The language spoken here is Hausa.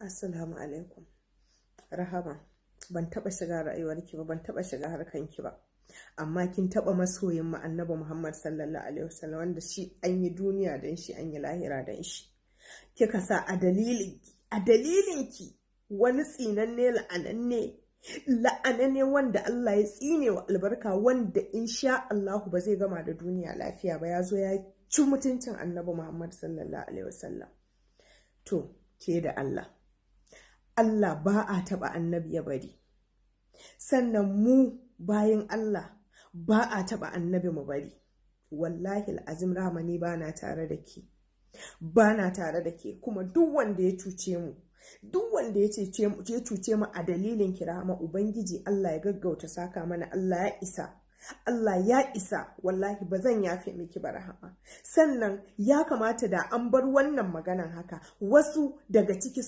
Assalamu alaikum. Rahama, ban taɓa shiga rayuwarki ba, ban taɓa shiga ki ba. Amma kin taɓa masoyin mu Annabi Muhammad sallallahu alaihi wasallam wanda shi an yi duniya dan shi, an yi lahira dan shi. Kika sa a dalilin a dalilinki wani tsinanne la'ananne la'ananne wanda Allah ya tsine wa albarka wanda insha Allahu ba zai gama da duniya lafiya ba ya zo ya ci mutuncin Annabi Muhammad sallallahu alaihi wasallam. To, ke da Allah. Allah ba a taɓa annabi ya bari sannan mu bayan Allah ba a taɓa annabi mu bari wallahi azim ramani ba na tare da ke ba na tare da ke kuma duk wanda ya cuce mu duk wanda ya cuce mu a dalilin kirama ubangiji Allah ya gaggauta saka mana Allah ya isa Allah ya isa wallahi ba zan yafe miki ba rahama sannan ya kamata da an bar wannan maganan haka wasu daga ciki